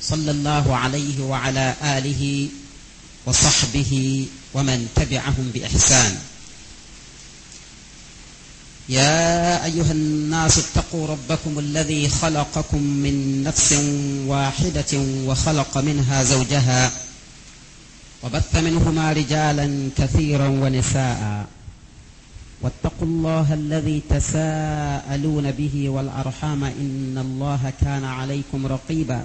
صلى الله عليه وعلى آله وصحبه ومن تبعهم بإحسان يا أيها الناس اتقوا ربكم الذي خلقكم من نفس واحدة وخلق منها زوجها وبث منهما رجالا كثيرا ونساء واتقوا الله الذي تساءلون به والأرحام إن الله كان عليكم رقيباً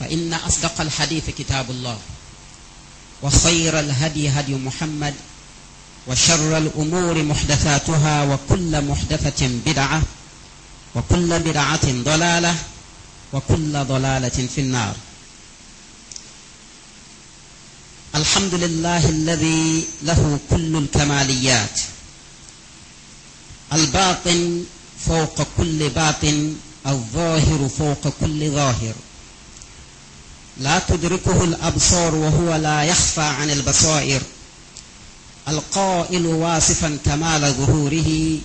فإن أصدق الحديث كتاب الله وخير الهدي هدي محمد وشر الأمور محدثاتها وكل محدثة بدعة وكل بدعة ضلالة وكل ضلالة في النار الحمد لله الذي له كل الكماليات الباطن فوق كل باطن الظاهر فوق كل ظاهر لا تدركه الأبصار وهو لا يخفى عن البصائر القائل واصفا كمال ظهوره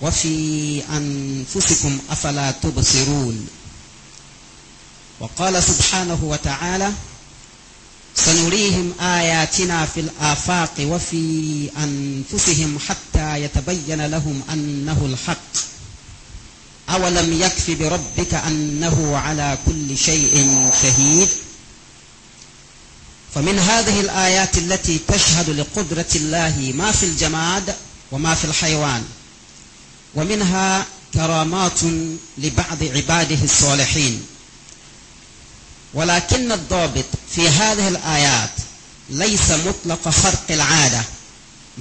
وفي أنفسكم أفلا تبصرون وقال سبحانه وتعالى سنريهم آياتنا في الآفاق وفي أنفسهم حتى يتبين لهم أنه الحق أولم يكف بربك أنه على كل شيء شهيد فمن هذه الآيات التي تشهد لقدرة الله ما في الجماد وما في الحيوان ومنها كرامات لبعض عباده الصالحين ولكن الضابط في هذه الآيات ليس مطلق خرق العادة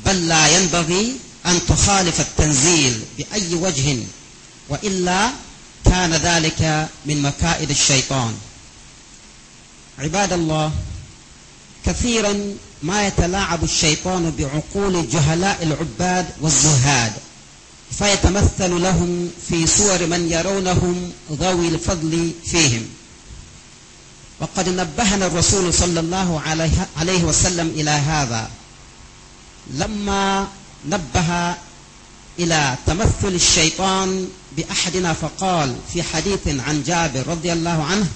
بل لا ينبغي أن تخالف التنزيل بأي وجه وإلا كان ذلك من مكائد الشيطان عباد الله كثيرا ما يتلاعب الشيطان بعقول جهلاء العباد والزهاد فيتمثل لهم في صور من يرونهم ذوي الفضل فيهم وقد نبهنا الرسول صلى الله عليه وسلم إلى هذا لما نبه إلى تمثل الشيطان بأحدنا فقال في حديث عن جابر رضي الله عنه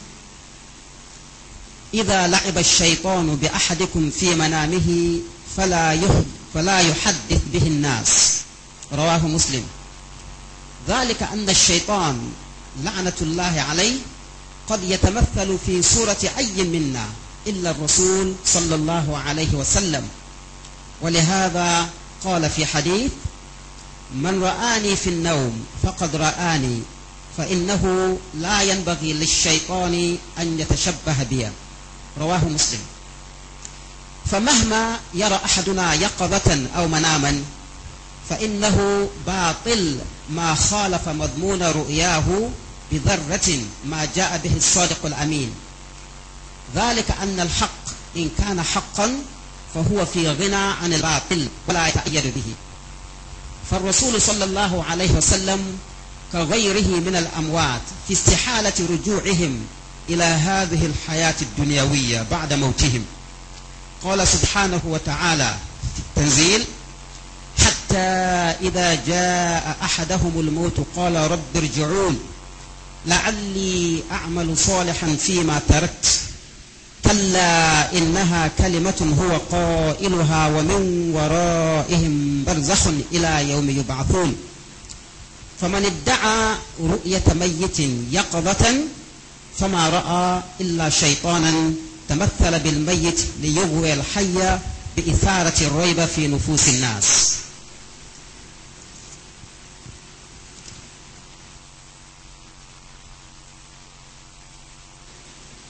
إذا لعب الشيطان بأحدكم في منامه فلا فلا يحدث به الناس رواه مسلم ذلك أن الشيطان لعنة الله عليه قد يتمثل في صورة أي منا إلا الرسول صلى الله عليه وسلم ولهذا قال في حديث من رآني في النوم فقد رآني فإنه لا ينبغي للشيطان أن يتشبه بي رواه مسلم فمهما يرى أحدنا يقظة أو مناما فإنه باطل ما خالف مضمون رؤياه بذرة ما جاء به الصادق الأمين ذلك أن الحق إن كان حقا فهو في غنى عن الباطل ولا يتأيد به فالرسول صلى الله عليه وسلم كغيره من الأموات في استحالة رجوعهم إلى هذه الحياة الدنيوية بعد موتهم قال سبحانه وتعالى في التنزيل حتى إذا جاء أحدهم الموت قال رب ارجعون لعلي أعمل صالحا فيما تركت كلا إنها كلمة هو قائلها ومن ورائهم برزخ إلى يوم يبعثون فمن ادعى رؤية ميت يقظة فما رأى إلا شيطانا تمثل بالميت ليغوي الحي بإثارة الريبة في نفوس الناس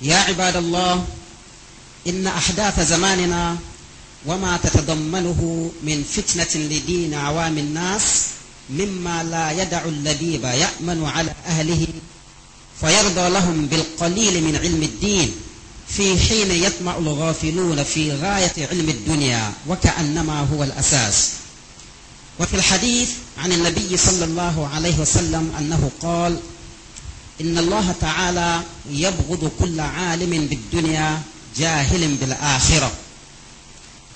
يا عباد الله إن أحداث زماننا وما تتضمنه من فتنة لدين عوام الناس مما لا يدع اللبيب يأمن على أهله فيرضى لهم بالقليل من علم الدين في حين يطمع الغافلون في غاية علم الدنيا وكأنما هو الأساس وفي الحديث عن النبي صلى الله عليه وسلم أنه قال إن الله تعالى يبغض كل عالم بالدنيا جاهل بالآخرة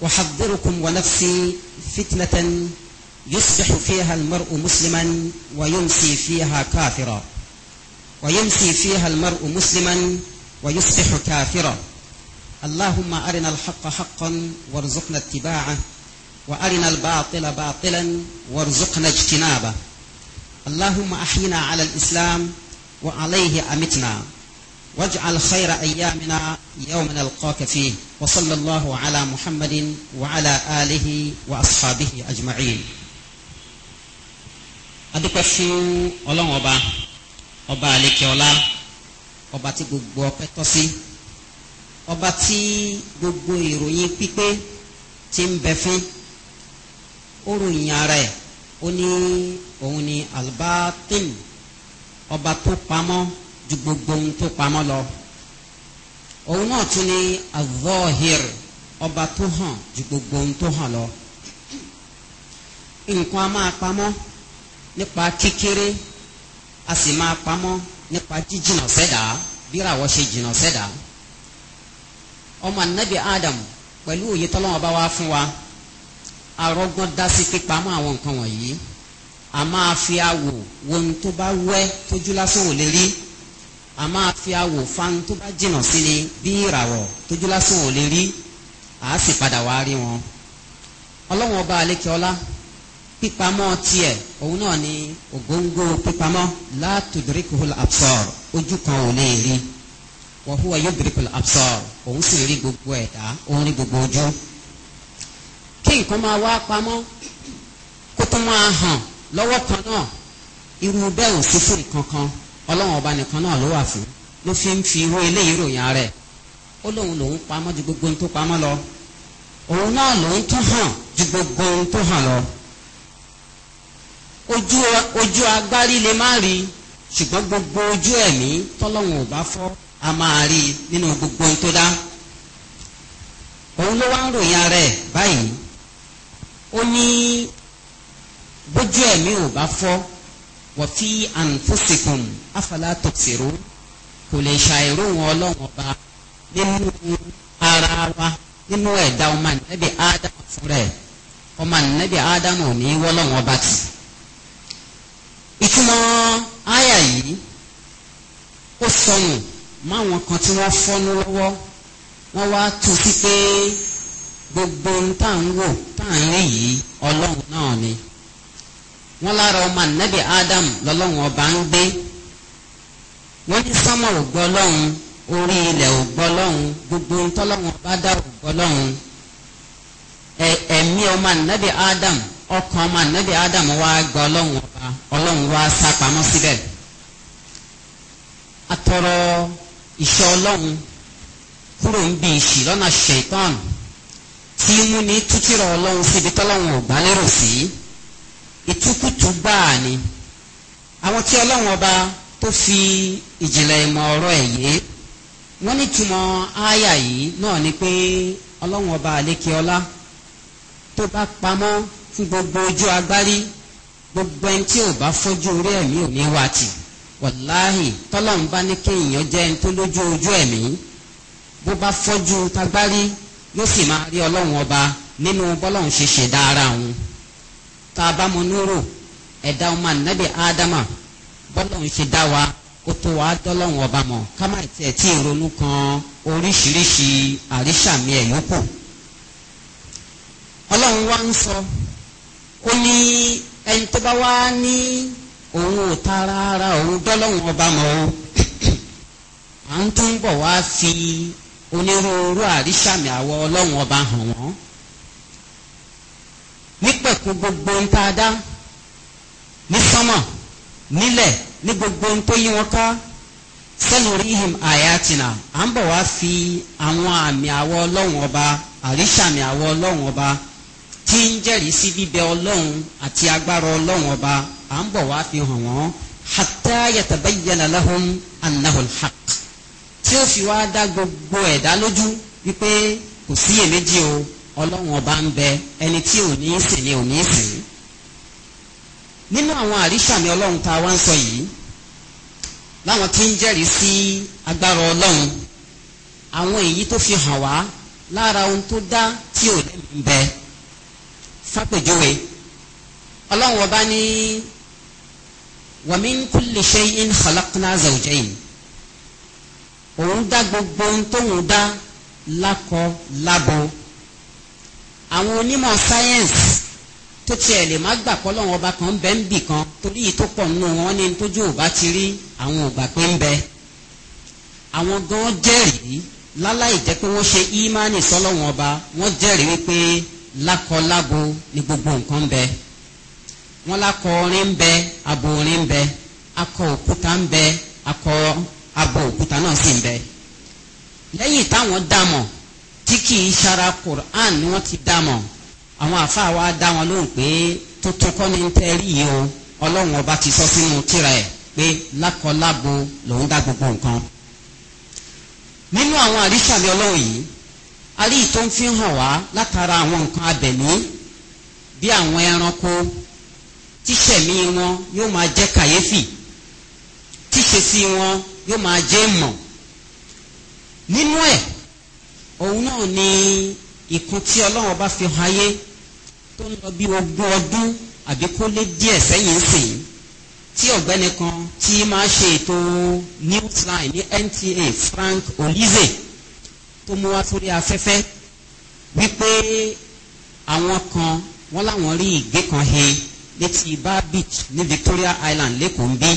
أحضركم ونفسي فتنة يصبح فيها المرء مسلما ويمسي فيها كافرا ويمسي فيها المرء مسلما ويصبح كافرا اللهم أرنا الحق حقا وارزقنا اتباعه وأرنا الباطل باطلا وارزقنا اجتنابه اللهم أحينا على الإسلام وعليه أمتنا واجعل خير أيامنا يوم نلقاك فيه وصلى الله على محمد وعلى آله وأصحابه أجمعين adúpẹ́ fún ọlọ́run ọba ọba àlekè ọlá ọba tí gbogbo ọpẹ́ tọ́ sí ọba tí gbogbo ìròyìn pípé ti ń bẹ fún ó ròyìn ara ẹ̀ ó ní òun ni albatin ọba tó pamọ́ ju gbogbo ohun tó pamọ́ lọ òun náà tún ní az-Zahir ọba tó hàn ju gbogbo ohun tó hàn lọ nǹkan a máa pamọ́ nípa kékeré a sì máa pamọ́ nípa jíjìnà sẹ́dá bí ṣe jìnà sẹ́dá ọmọ anabi Adam pẹ̀lú òye tọ́lọ́wọ́n bá wá fún wa arọ́gbọ́n dá sí pípamọ́ àwọn nǹkan wọ̀nyí a máa fi awò wo ohun tó bá wẹ́ tójú ò lè rí a máa fi awò fan tó bá jìnnà sí ni bí ìràwọ̀ tójú lásán ò lè rí a sì padà wá rí wọn. ọlọ́wọ́n ọba alekeola pípamọ́ tiẹ̀ òun náà ni ògóńgó pípamọ́ látòdìríkùhùl absor ojú kan ò lè rí wàhùwà yóò dìríkùhùl absor òun sì rí gbogbo ẹ̀dá òun rí gbogbo ojú. kí nǹkan máa wá pamọ́ kó tó máa hàn lọ́wọ́ kan náà irú bẹ́ẹ̀ ò sí fún nǹkan ọlọ́run ọba nìkan náà ló wà fún ló fi ń fi irú eléyìí ròyìn ara ẹ̀ ó lóun lòun pamọ́ ju gbogbo ohun tó pamọ́ lọ òun náà lòun tó hàn ju gbogbo ohun tó hàn lọ ojú ojú agbárí lè má rí ṣùgbọ́n gbogbo ojú ẹ̀mí tọ́lọ́run ò bá fọ́ a máa rí nínú gbogbo ohun tó dá òun ló wá ń ròyìn ara báyìí ó ní bójú ẹ̀mí ò fọ́ wọ́n fi àǹfóṣekùn afala tọ̀sírò kò lè ṣàìrò wọn ọlọ́run ọba nínú ara wa nínú ẹ̀dá ọmọ ànábì ádámù fúnra ẹ̀ ọmọ ànábì ádámù ní wọ́lọ́run ọba tì. ìtumọ̀ àyà yìí ó sọnù máwọn kan tí wọ́n fọ́nú lọ́wọ́ wọ́n wá tu sí pé gbogbo ohun tá à ń wò tá à ń rí yìí ọlọ́run náà ni wọ́n lára ọmọ ànábì ádámù lọ́lọ́run ọba ń gbé wọ́n ní sánmọ̀ ò gbọ́ lọ́hùn orí ilẹ̀ ò gbọ́ lọ́hùn gbogbo ohun tọ́lọ́hùn ọba dá ẹ̀mí ọmọ ànábì Adam ọkàn ọmọ ànábì Adam wá gba ọlọ́hùn ọba ọlọ́hùn wá sá pamọ́ síbẹ̀ atọrọ ìṣọ́ ọlọ́hùn kúrò ń bi ìṣì lọ́nà ṣẹ̀tàn tí mú ní tútìrọ̀ ọlọ́hùn síbi tọ́lọ́hùn ò sí ìtukùtù gbáà ni àwọn tí ọlọ́hùn ọba tó fi ìjìnlẹ̀ ìmọ̀ ọ̀rọ̀ ẹ̀ yé wọ́n ní túmọ̀ ááyà yìí náà ni pé ọlọ́run ọba àlékè ọlá tó bá pamọ́ fún gbogbo ojú agbárí gbogbo ẹni tí ò bá fọ́jú orí ẹ̀mí ò ní wá tì wàláhì tọ́lọ́run bá ní kéèyàn jẹ́ ẹni tó lójú ojú ẹ̀mí bó bá fọ́jú tagbárí yóò sì máa rí ọlọ́run ọba nínú bọ́lọ́run ṣe ṣẹ̀dá ara òun tá a bá mọ núrò ẹ̀dá ọmọ ànábì ádámà bọ́lọ́run ṣe dá wa ó tó wàá dọ́lọ́run ọba mọ̀ ká má tiẹ̀ tí ì ronú kan oríṣiríṣi àríṣàmì ẹ̀ yókù ọlọ́run wá ń sọ ó ní ẹni tó bá wá ní òun ò tara ara òun dọ́lọ́run ọba mọ̀ o à ń tún bọ̀ wá fi onírúurú àríṣàmì àwọ ọlọ́run ọba hàn wọ́n nípẹ̀kun gbogbo ń tá dá ní sánmọ̀ nílẹ̀ ní gbogbo ohun tó yí wọn ká sanurihim ayatina à ń bọ̀ wá fi àwọn àmì àwọ̀ ọlọ́run ọba àríṣàmì àwọ̀ ọlọ́run ọba tí ń jẹ́rìí sí bíbẹ ọlọ́run àti agbára ọlọ́run ọba à ń bọ̀ wá fi hàn wọ́n hatta yatabayyana lahum annahu alhaq tí ó fi wá dá gbogbo ẹ̀dá lójú wípé kò síyèméjì o ọlọ́run ọba ń bẹ ẹni tí ò ní í sìn ni ò ní í sìn nínú àwọn àrísàmì ọlọ́run tá a wá ń sọ yìí láwọn tí ń jẹ́rìí sí agbára ọlọ́run àwọn èyí tó fi hàn wá lára ohun tó dá tí ò lẹ́mìí ń bẹ fápèjúwe ọlọ́run ọba ní wa min kulli shay'in khalaqna zawjayn òun dá gbogbo ohun tóun dá lákọ lábo àwọn onímọ̀ sáyẹ́ǹsì tó tiẹ̀ lè má gbà kọ́ lọ́wọ́ ọba kan bẹ́ ń bì kan torí yìí tó pọ̀ nínú wọn ní tójú ò bá ti rí àwọn ògbà pé ń bẹ. àwọn gan jẹ́rìí láláì jẹ́ pé wọ́n ṣe ímánì sọ́lọ́wọ́n ọba wọ́n jẹ́rìí wípé lákọ-lábo ni gbogbo nǹkan ń bẹ. wọ́n lákọ orin ń bẹ abo orin ń bẹ akọ òkúta ń bẹ akọ abo òkúta náà sì ń bẹ. lẹ́yìn táwọn dàmọ̀ tí kì í ṣara Qur'an ni wọ́n ti dàmọ̀ àwọn àfáà wa dá wọn lóhùn pé tuntun kọ́ ni ń tẹ́ rí yìí o ọba ti sọ sínú tírà ẹ̀ pé lákọlábo lòun dá gbogbo nǹkan nínú àwọn àríṣàlẹ̀ ọlọ́run yìí a tó ń fi hàn wá látara àwọn nǹkan abẹ̀mí bí àwọn ẹranko tíṣẹ̀mí wọn yóò máa jẹ́ kàyéfì mọ̀ nínú ẹ̀ òun náà ni ìkun tí ọlọ́run ọba fi hàn ayé tó ń lọ bí ogún ọdún àbí kó lé díẹ̀ sẹ́yìn sìn tí ọ̀gbẹ́ni kan tí máa ṣe ètò newsline ní NTA Frank Olize tó mú wá sórí afẹ́fẹ́ wípé àwọn kan wọ́n láwọn rí ìgé kan he létí bar beach ní Victoria Island lẹ́kọ̀ọ́ ń bí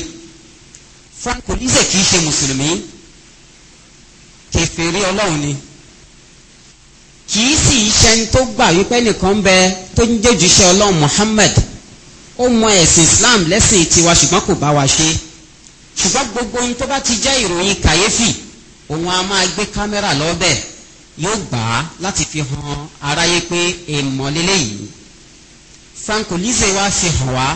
Frank Olize kì í ṣe mùsùlùmí kèfèrí ọlọ́run ni kìí sì í ṣẹni tó gbà wípé nìkan bẹ tó ń jẹ́ òjíṣẹ́ ọlọ́run Muhammad ó mọ ẹ̀sìn Islam lẹ́sìn tiwa ṣùgbọ́n kò bá wa ṣe ṣùgbọ́n gbogbo ohun tó bá ti jẹ́ ìròyìn kàyéfì òun a máa gbé kámẹ́rà lọ́bẹ̀ yóò gbà á láti fi hàn aráyé pé èèmọ̀ lélẹ́yìí Francolise wa fi hàn wá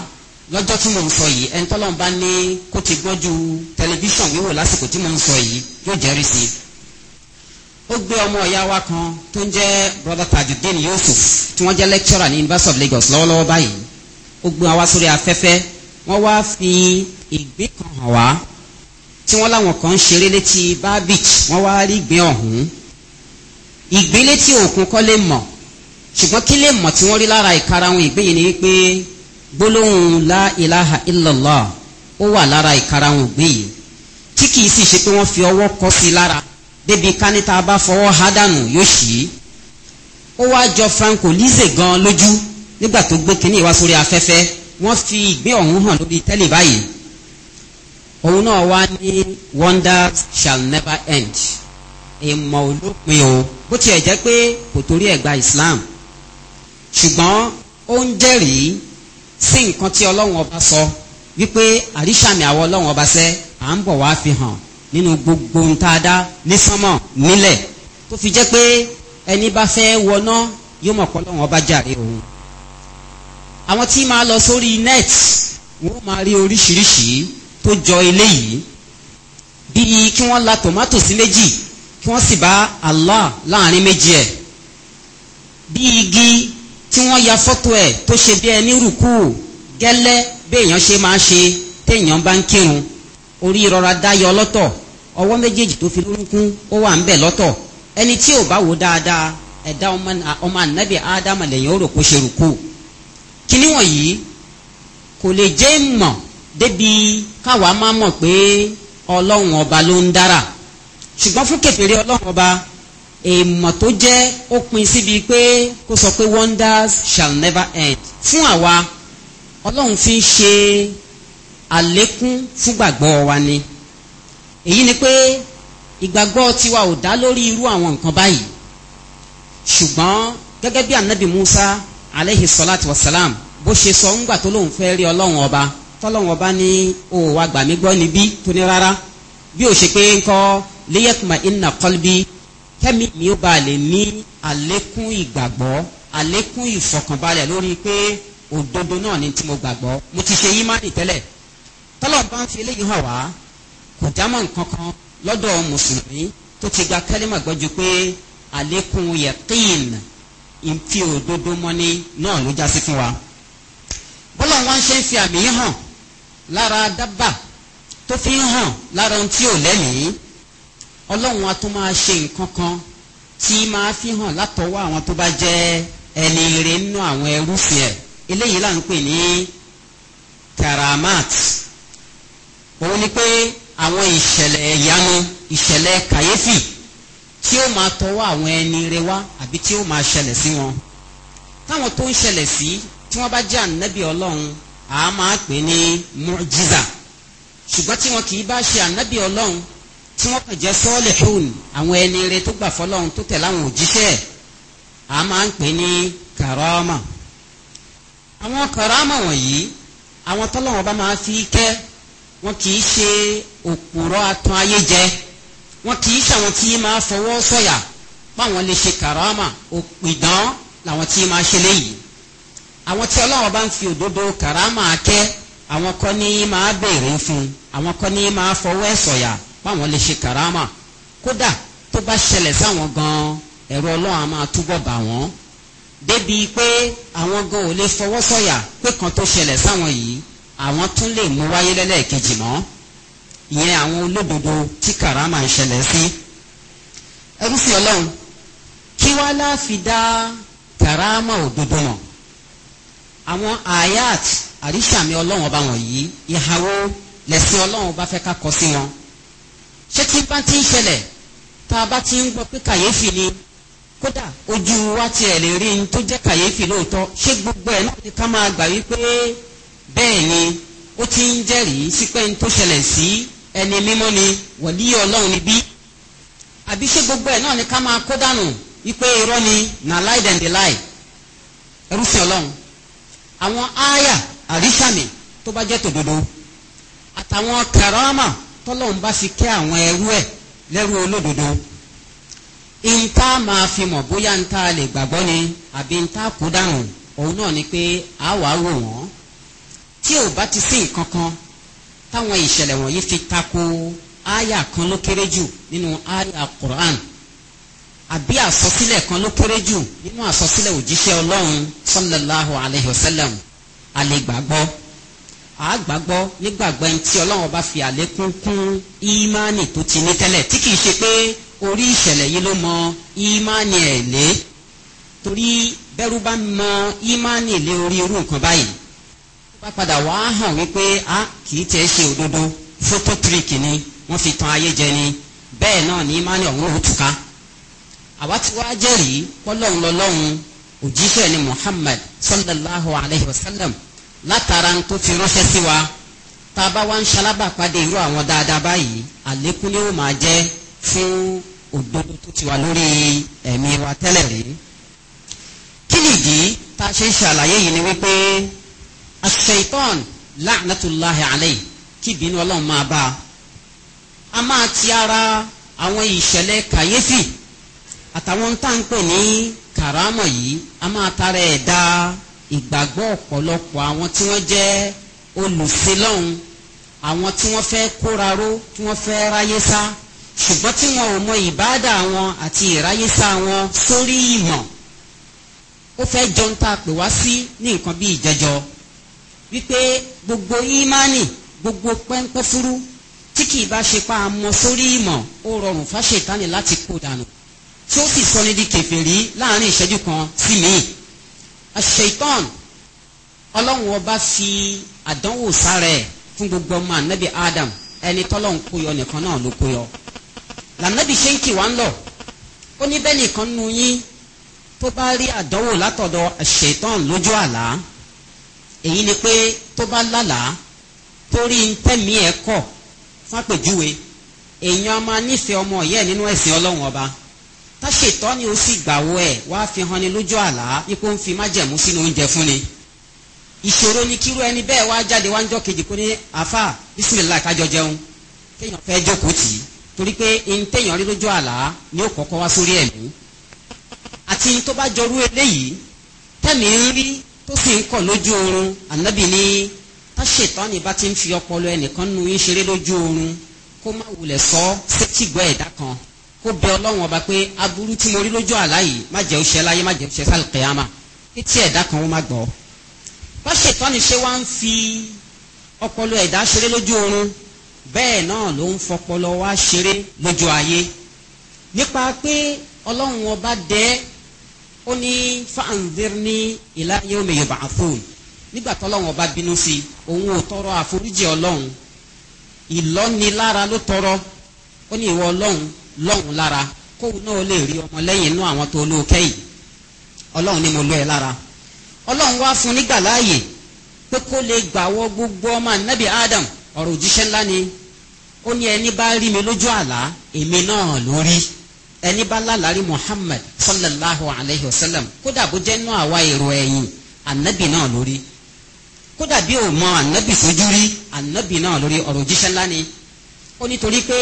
lọ́jọ́ tí mo ń sọ yìí ẹni tọ́lọ́run bá ní kó ti gbọ́jú tẹlifíṣàn wíwò lásìkò tí mo ń sọ yìí yóò jẹ́rìí sí i ó gbé ọmọ ọ̀yá wa kan tó ń jẹ́ brother tajudeen yusuf tí wọ́n jẹ́ lecturer ní university of lagos lọ́wọ́lọ́wọ́ báyìí ó gbé wa sórí afẹ́fẹ́ wọ́n wá fi ìgbín kan hàn wá tí wọ́n láwọn kan ń ṣeré létí bar beach wọ́n wá rí ìgbín ọ̀hún ìgbín létí òkun kọ́ lè mọ̀ ṣùgbọ́n kí lè mọ̀ tí wọ́n rí lára ìkarahun ìgbín yìí ni wípé gbólóhùn la ilaha illallah ó wà lára ìkarahun ìgbín yìí tí kìí sì ṣe pé wọ́n fi ọwọ́ kọ́ sí lára débi kánítà bá fọwọ́ hádànù yóò ṣì í ó wá jọ Franco Lise gan lójú nígbà tó gbé kínní wá sórí afẹ́fẹ́ wọ́n fi ìgbé ọ̀hún hàn lórí tẹ́lẹ̀ báyìí òun náà wá ní wonders shall never end ìmọ̀ olópin o bó tiẹ̀ jẹ́ pé kò torí ẹ̀ gba Islam ṣùgbọ́n ó ń jẹ́rìí sí nǹkan tí ọlọ́run ọba sọ wípé àríṣàmì àwọn ọlọ́run ọba sẹ́ à ń bọ̀ wá fi hàn nínú gbogbo ntaada ní sánmọ̀ nílẹ̀ tó fi jẹ́ pé ẹni bá fẹ́ wọná yóò mọ̀ pé Ọlọ́run ọba jàre òun àwọn tí máa lọ sórí net wọ́n máa rí oríṣiríṣi tó jọ eléyìí bíi kí wọ́n la tòmátò sí méjì kí wọ́n sì bá Allah láàrin méjì ẹ̀ bíi igi tí wọ́n ya fọ́tò ẹ̀ tó ṣe bí ẹni rúkú gẹ́lẹ́ béèyàn ṣe máa ṣe téèyàn bá ń kírun orí ìrora dáyọ lọ́tọ̀ ọwọ́ méjèèjì tó fi lórúkún ó wà ń bẹ̀ lọ́tọ̀ ẹni tí ò bá wò dáadáa ẹ̀dá ọmọ ànábì ádámà lẹ́yìn ó rò kó ṣe rùkú kíní wọ̀nyí kò lè jẹ́ mọ̀ débi káwa máa mọ̀ pé ọlọ́run ọba ló ń dára ṣùgbọ́n fún kẹfìrí ọlọ́run ọba èèmọ̀ tó jẹ́ ó pin síbi pé kó sọ pé wonders shall never end fún àwa ọlọ́run fi ń ṣe àlékún fúngbàgbọ́ wa ni èyí ni pé ìgbàgbọ́ tiwa ò dá lórí irú àwọn nǹkan báyìí ṣùgbọ́n gẹ́gẹ́ bí anabi musa aleyhi salatu wa salam bó ṣe sọ ńgbà tó lóun fẹ́ rí ọlọ́run ọba tọ́lọ́run ọba ní o wa gbà mí gbọ́ níbí tó ní rárá bí o ṣe pé ń kọ́ liyatma inna qalbi kẹ́mi mi ó ba lè ní àlékún ìgbàgbọ́ àlékún ìfọkànbalẹ̀ lórí pé òdodo náà ni tí mo gbàgbọ́ mo ti ṣe yímánì tẹ́lẹ̀ tọ́lọ́run bá ń fi eléyìí hàn wá kò dámọ̀ nǹkan kan lọ́dọ̀ mùsùlùmí tó ti gba kẹ́límà gbọ́jú pé àlékún yẹ̀kín ìfi òdodo mọ́ni náà ló jásí fún wa. bọ́lá wọn ṣe ń fi àmì hàn lára dábà tó fi ń hàn lára ohun tí ò lẹ́nìí ọlọ́run a tún máa ṣe nǹkan kan tí máa fi hàn látọwọ́ àwọn tó bá jẹ́ ẹni rere nínú àwọn ẹrúfin ẹ̀ eléyìí là ń pè ní karamat òun ni pé àwọn ìṣẹ̀lẹ̀ ìyanu ìṣẹ̀lẹ̀ kàyéfì tí ó máa tọwọ́ àwọn ẹni rẹ wá àbí tí ó máa ṣẹlẹ̀ sí wọn táwọn tó ń ṣẹlẹ̀ sí tí wọ́n bá jẹ́ ànábì ọlọ́run à á máa pè ní mọ́jíza ṣùgbọ́n tí wọn kì í bá ṣe ànábì ọlọ́run tí wọ́n kàn jẹ́ sọ́ọ̀lẹ̀hún àwọn ẹni rẹ tó gbà fọlọ́run tó tẹ̀ láwọn òjíṣẹ́ à á máa pè ní kàrámà àwọn kàrámà wọ̀nyí àwọn tọ́lọ́wọ́n bá máa fi kẹ́ wọn kì í ṣe òpùrọ́ atún ayé jẹ wọn kì í ṣàwọn tí máa fọwọ́ sọ̀yà báwọn lè ṣe kàrámà òpìdán làwọn tí máa ṣe léyìí àwọn tí ọlọ́wọ́n bá ń fi òdodo kàrámà kẹ́ àwọn kọ́ ní máa béèrè fún àwọn kọ́ ní máa fọwọ́ sọ̀yà báwọn lè ṣe kàrámà kódà tó bá ṣẹlẹ̀ sáwọn gan ẹ̀rọ ọlọ́run á máa túbọ̀ bà wọ́n débìí pé àwọn gan ò lè fọwọ́ sọ̀yà pé kan tó ṣẹlẹ̀ sáwọn yìí àwọn tún lè mú wáyé lẹ́lẹ́ẹ̀kejì mọ́ ìyẹn àwọn olódodo tí karama ń ṣẹlẹ̀ sí ẹrú sí ọlọ́run kí wá láfi dá karama òdodo mọ̀ àwọn ayat àríṣàmì ọlọ́run ọba wọ̀nyí ìhàwó lẹ̀sìn ọlọ́run ọba fẹ́ ká kọ sí wọn ṣé tí bá ti ń ṣẹlẹ̀ tá a bá ti ń gbọ́ pé kàyéfì ni kódà ojú wa tiẹ̀ lè rí ní tó jẹ́ kàyéfì lóòótọ́ ṣé gbogbo ẹ̀ náà ni ká máa gbà wípé bẹ́ẹ̀ ni ó ti ń jẹ́rìí sípẹ́ ń tó ṣẹlẹ̀ sí ẹni mímọ́ ni ni bí àbí gbogbo ẹ̀ náà ni ká máa kó dànù wípé irọ́ ni na lie than the lie ọlọ́run àwọn ááyà àríṣàmì tó bá jẹ́ tòdodo àtàwọn kẹrọ́mà tọ́lọ́run bá fi kẹ́ àwọn ẹrú ẹ̀ lẹ́rú olódodo ìta máa fi mọ̀ bóyá ń ta lè gbàgbọ́ ni àbí ń ta kó dànù òun ni pé tí ò bá ti sí ìkankan táwọn ìṣẹ̀lẹ̀ wọ̀nyí fi tako aya kan ló kéré jù nínú aya Qur'an àbí àsọsílẹ̀ kan ló kéré jù nínú àsọsílẹ̀ òjíṣẹ́ ọlọ́run sallallahu alayhi wa sallam àlegbàgbọ́ àgbàgbọ́ nígbàgbọ́ ẹni tí ọlọ́run bá fi àlékún kún ìmánì tó ti ní tẹ́lẹ̀ tí kìí ṣe pé orí ìṣẹ̀lẹ̀ yìí ló mọ ìmánì ẹ̀ lé torí bẹ́rù bá mọ ìmánì lé orí irú nǹkan báyìí wá padà wá hàn wípé a ah, kì í tẹ̀ ṣe òdodo phototrick ni wọ́n fi tan ayé jẹ ni bẹ́ẹ̀ náà ní imani ọ̀hún ò túká àwa ti wá jẹ́rìí kọ́lọ́hún lọ́lọ́hún òjíṣẹ́ ni Muhammad sallallahu alayhi wa sallam látara tó fi ránṣẹ́ sí wa tá a bá wá ń ṣalábàpàdé irú àwọn dáadáa báyìí àlékún ni ó máa jẹ́ fún òdodo tó ti wà lórí ẹ̀mí wa tẹ́lẹ̀ rí kí nìdí tá a ṣe ń ṣàlàyé yìí ni wípé aseitan la'natullahi alayhi kí ìbínú ọlọ́run máa bá a a máa ti ara àwọn ìṣẹ̀lẹ̀ kàyéfì àtàwọn tá à ń pè ní kàrámọ̀ yìí a máa tara ẹ̀ da ìgbàgbọ́ ọ̀pọ̀lọpọ̀ àwọn tí wọ́n jẹ́ olùsílọ́hún àwọn tí wọ́n fẹ́ kóraró tí wọ́n fẹ́ ráyé sá ṣùgbọ́n tí wọn ò mọ ìbáàdà wọn àti ìráyé wọn sórí ìmọ̀ ó fẹ́ jọ ń ta pè wá sí ní nǹkan bí ìjẹjọ́ wípé gbogbo ìmánì gbogbo pẹ́ńpẹ́ fúrú tí kì í bá ṣe pa àmọ́ sórí ìmọ̀ ó rọrùn fáṣetánì láti kó dànù tí ó sì sọ ní di kèfèrí láàrin ìṣẹ́jú kan sí míì àṣetán ọlọ́run ọba fi àdánwò sára ẹ̀ fún gbogbo ọmọ ànábì Adam ẹni tọ́lọ́run kó yọ nìkan náà ló kó yọ lànàbì ṣe ń kì wá ń lọ ó ní bẹ́ẹ̀ nìkan nu yín tó bá rí àdánwò látọ̀dọ̀ àṣetán lójú àlá èyí ni pé tó bá lálàá torí ntẹ́mi ẹ̀ kọ̀ fápèjúwe èèyàn máa nífẹ̀ẹ́ ọmọ yẹn nínú ẹ̀sìn ọlọ́run ọba táṣetọ́ ni ó sì gbàwó ẹ̀ wá fi hàn ni lójú àlá ipò ń fi májẹ̀mú sínú oúnjẹ fún ni ìṣòro ni kírú ẹni bẹ́ẹ̀ wá jáde wá ń jọ́ kejì kó ní àfà bísímìlá kájọ jẹun kéèyàn fẹ́ jókòó tì í torí pé n téèyàn rí lójú àlá ni ó kọ́kọ́ wá sórí ẹ̀mí àti tó bá jọrú eléyìí tẹ̀mí rí tó sì ń kọ̀ lójú oorun ànábì ní táṣetánì bá ti ń fi ọpọlọ ẹnìkan nu yín ṣeré lójú oorun kó má wulẹ̀ sọ sétígbọ́ ẹ̀dá kan kó bẹ ọlọ́run ọba pé aburú tí mo rí lójú àlá yìí má jẹ́ òṣè láyé má jẹ́ òṣè sálùkẹ́yàmà títí ẹ̀dá kan ó má gbọ́. táṣetánì ṣé wá ń fi ọpọlọ ẹ̀dá ṣeré lójú oorun bẹ́ẹ̀ náà ló ń fọpọlọ wá ṣeré lójú ayé nípa pé ọlọ́run ọba dẹ́ẹ́ ó ní fáànzírní ìlà yawmi yub'athun nígbà tọ́lọ́run ọba bínú sí i òun ò tọrọ àforíjì ọlọ́run ìlọ́nilára ló tọrọ ó ní ìwọ ọlọ́run lọ́hùn lára kóun náà lè rí ọmọ lẹ́yìn inú àwọn tó ló kẹ́yìn ọlọ́run ni mo lọ ẹ lára ọlọ́run wá fún nígbà láàyè pé kó lè gbàwọ́ gbogbo ọmọ ànábì Adam ọ̀rọ̀ òjíṣẹ́ ńlá ni ó ní ẹni bá rí mi lójú àlá èmi náà ló ẹni bá lálàrí Muhammad sallallahu alayhi wa sallam kódà bó jẹ́ nú àwa èrò ẹ̀yìn ànábì náà lórí kódà bí ò mọ ànábì fojú rí ànábì náà lórí ọ̀rọ̀ òjíṣẹ́ ńlá ni ó nítorí pé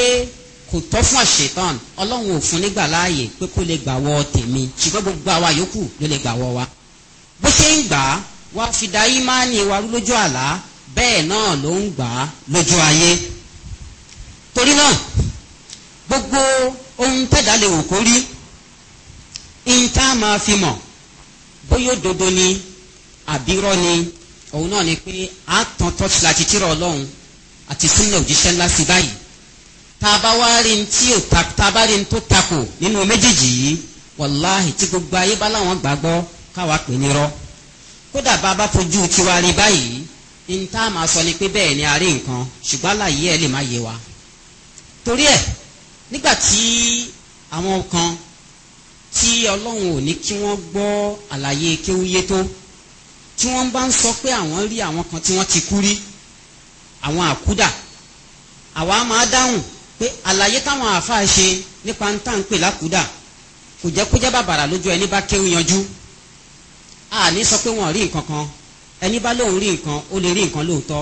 kò tọ́ fún àṣetán ọlọ́run ò fún nígbà láàyè pé kó lè gbà wọ tèmi ṣùgbọ́n gbogbo àwa yòókù ló lè gbà wọ wa bó ṣe ń gbà wá fi da ímánì wa rú lójú àlá bẹ́ẹ̀ náà ló ń gbà lójú ayé torí náà gbogbo ohun tẹ̀dá lè wò kó rí ìta máa fi mọ̀ bóyá òdodo ni àbírọ́ ni òun náà ni pé a tàn tọ́tù láti tírọ̀ ọlọ́run àti súnà òjíṣẹ́ ńlá sí báyìí tá a bá wá rí ní tí tá a bá rí ní tó takò nínú méjèèjì yìí wàláhì tí gbogbo ayé bá láwọn gbàgbọ́ káwa pè ní rọ́ kódà bá a bá fojú tiwa rí báyìí ní máa sọ ni pé bẹ́ẹ̀ ni a rí nǹkan ṣùgbọ́n àlàyé ẹ̀ lè má yé wa torí ẹ̀ nígbà tí àwọn kan tí ọlọ́run ò ní kí wọ́n gbọ́ àlàyé kéwúyé tó tí wọ́n bá ń sọ pé àwọn rí àwọn kan tí wọ́n ti kú rí àwọn àkúdà àwa máa dáhùn pé àlàyé táwọn àáfàá ṣe nípa ń tà ń pè lákúdà kò jẹ́ kó jẹ́ bàbàrà lójú ẹni bá kéwú yanjú àní sọ pé wọ́n rí nǹkan kan ẹni bá lóun rí nǹkan ó lè rí nǹkan lóòótọ́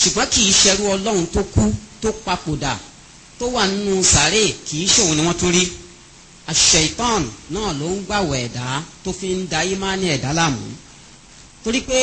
ṣùgbọ́n kì í ṣerú ọlọ́run tó kú tó papòdà tó wà nínú sàárè kì í ṣòun ni wọ́n tún rí àṣẹ̀tàn náà ló ń gbàwọ̀ ẹ̀dá tó fi ń da ìmánì ẹ̀dá láàmú torí pé